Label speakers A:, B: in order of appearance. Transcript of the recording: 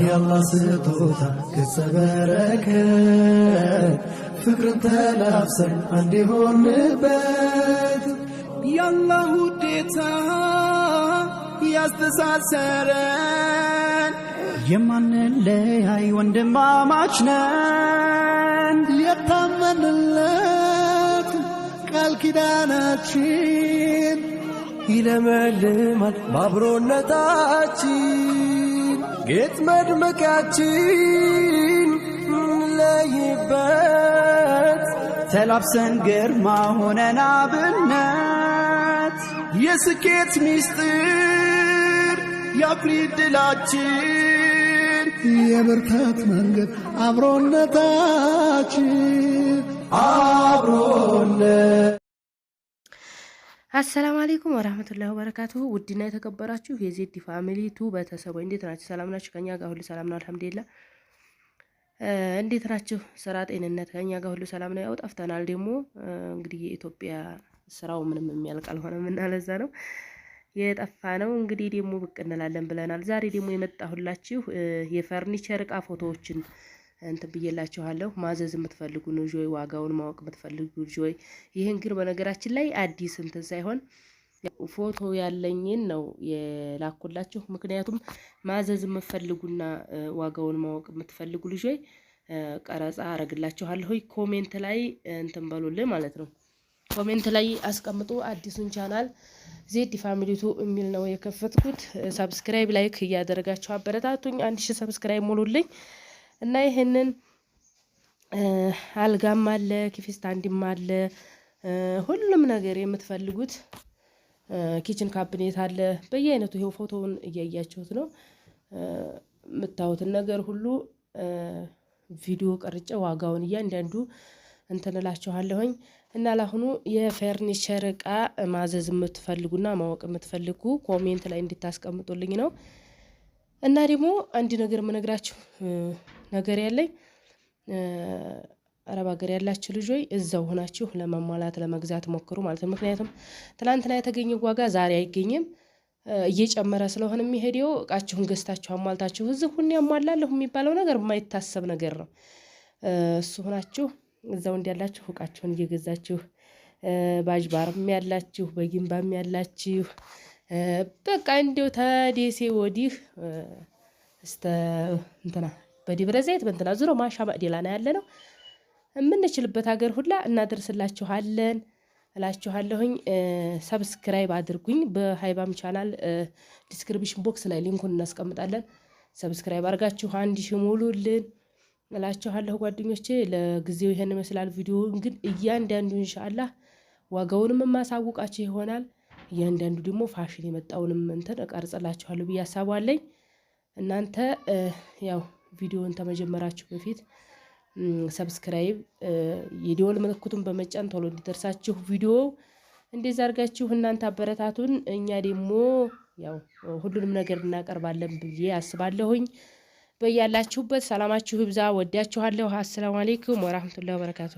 A: የአላህ ስጦታ ገጸ በረከት ፍቅርን ተላብሰን አንድ የሆንበት የአላህ ውዴታ ያስተሳሰረን ለያይ ወንድማማች ነን የታመንለት ቃል ኪዳናችን ይለመልማል ባብሮነታችን ጌጥ መድመቂያችን ለይበት ተላብሰን ግርማ ሆነን አብነት የስኬት ሚስጢር የአክሊል ድላችን የበርታት መንገድ አብሮነታችን አብሮነት
B: አሰላም አለይኩም ወራህመቱላሂ ወበረካቱሁ። ውድና የተከበራችሁ የዜድ ፋሚሊ ቱ ቤተሰቦች እንዴት ናችሁ? ሰላም ናችሁ? ከኛ ጋር ሁሉ ሰላም ነው፣ አልሐምዱሊላህ። እንዴት ናችሁ? ስራ፣ ጤንነት ከኛ ጋር ሁሉ ሰላም ነው። ያው ጠፍተናል። ደግሞ እንግዲህ የኢትዮጵያ ስራው ምንም የሚያልቅ አልሆነም እና ለዛ ነው የጠፋ ነው። እንግዲህ ደግሞ ብቅ እንላለን ብለናል። ዛሬ ደግሞ የመጣሁላችሁ የፈርኒቸር እቃ ፎቶዎችን እንትን ብዬላችኋለሁ። ማዘዝ የምትፈልጉ ንጆይ፣ ዋጋውን ማወቅ የምትፈልጉ ንጆይ። ይህን ግን በነገራችን ላይ አዲስ እንትን ሳይሆን ፎቶ ያለኝን ነው የላኩላችሁ። ምክንያቱም ማዘዝ የምትፈልጉና ዋጋውን ማወቅ የምትፈልጉ ልጆች ቀረጻ አረግላችኋለሁ። ኮሜንት ላይ እንትን በሉልኝ ማለት ነው። ኮሜንት ላይ አስቀምጡ። አዲሱን ቻናል ዜድ ፋሚሊቱ የሚል ነው የከፈትኩት። ሰብስክራይብ፣ ላይክ እያደረጋችሁ አበረታቱኝ። አንድ ሺ ሰብስክራይብ ሙሉልኝ። እና ይህንን አልጋም አለ፣ ኪፊስታንድም አለ፣ ሁሉም ነገር የምትፈልጉት ኪችን ካቢኔት አለ በየአይነቱ። ይሄው ፎቶውን እያያችሁት ነው። የምታዩትን ነገር ሁሉ ቪዲዮ ቀርጬ ዋጋውን እያንዳንዱ እንትን እና ለአሁኑ የፈርኒቸር እቃ ማዘዝ የምትፈልጉና ማወቅ የምትፈልጉ ኮሜንት ላይ እንድታስቀምጡልኝ ነው። እና ደግሞ አንድ ነገር የምነግራችሁ ነገር ያለኝ አረብ ሀገር ያላችሁ ልጆች እዛው ሆናችሁ ለመሟላት ለመግዛት ሞክሩ ማለት ነው። ምክንያቱም ትላንትና የተገኘ ዋጋ ዛሬ አይገኝም፣ እየጨመረ ስለሆነ የሚሄደው እቃችሁን ገዝታችሁ አሟልታችሁ እዚህ ሁን ያሟላለሁ የሚባለው ነገር የማይታሰብ ነገር ነው። እሱ ሆናችሁ እዛው እንዲያላችሁ እቃችሁን እየገዛችሁ ባጅባርም ያላችሁ በጊንባም ያላችሁ በቃ እንዲው ተዴሴ ወዲህ እስተ እንትና በዲብረ ዘይት በንትና ዙሮ ማሻ ማዕዴላ ነው ያለ ነው የምንችልበት ሀገር ሁላ እናደርስላችኋለን እላችኋለሁኝ። ሰብስክራይብ አድርጉኝ። በሀይባም ቻናል ዲስክሪፕሽን ቦክስ ላይ ሊንኩን እናስቀምጣለን። ሰብስክራይብ አድርጋችሁ አንድ ሙሉልን እላችኋለሁ ጓደኞቼ። ለጊዜው ይሄን ይመስላል። ቪዲዮ ግን እያንዳንዱ ኢንሻአላህ ዋጋውንም የማሳውቃችሁ ይሆናል። እያንዳንዱ ደግሞ ፋሽን የመጣውንም እንትን እቀርጽላችኋለሁ ብዬ አሳባለኝ። እናንተ ያው ቪዲዮን ከመጀመራችሁ በፊት ሰብስክራይብ የደወል ምልክቱን በመጫን ቶሎ እንዲደርሳችሁ ቪዲዮ እንደዛ አርጋችሁ እናንተ አበረታቱን። እኛ ደግሞ ያው ሁሉንም ነገር እናቀርባለን ብዬ አስባለሁኝ። በያላችሁበት ሰላማችሁ ይብዛ። ወዳችኋለሁ። አሰላሙ አሌይኩም ወራህመቱላሂ ወበረካቱ።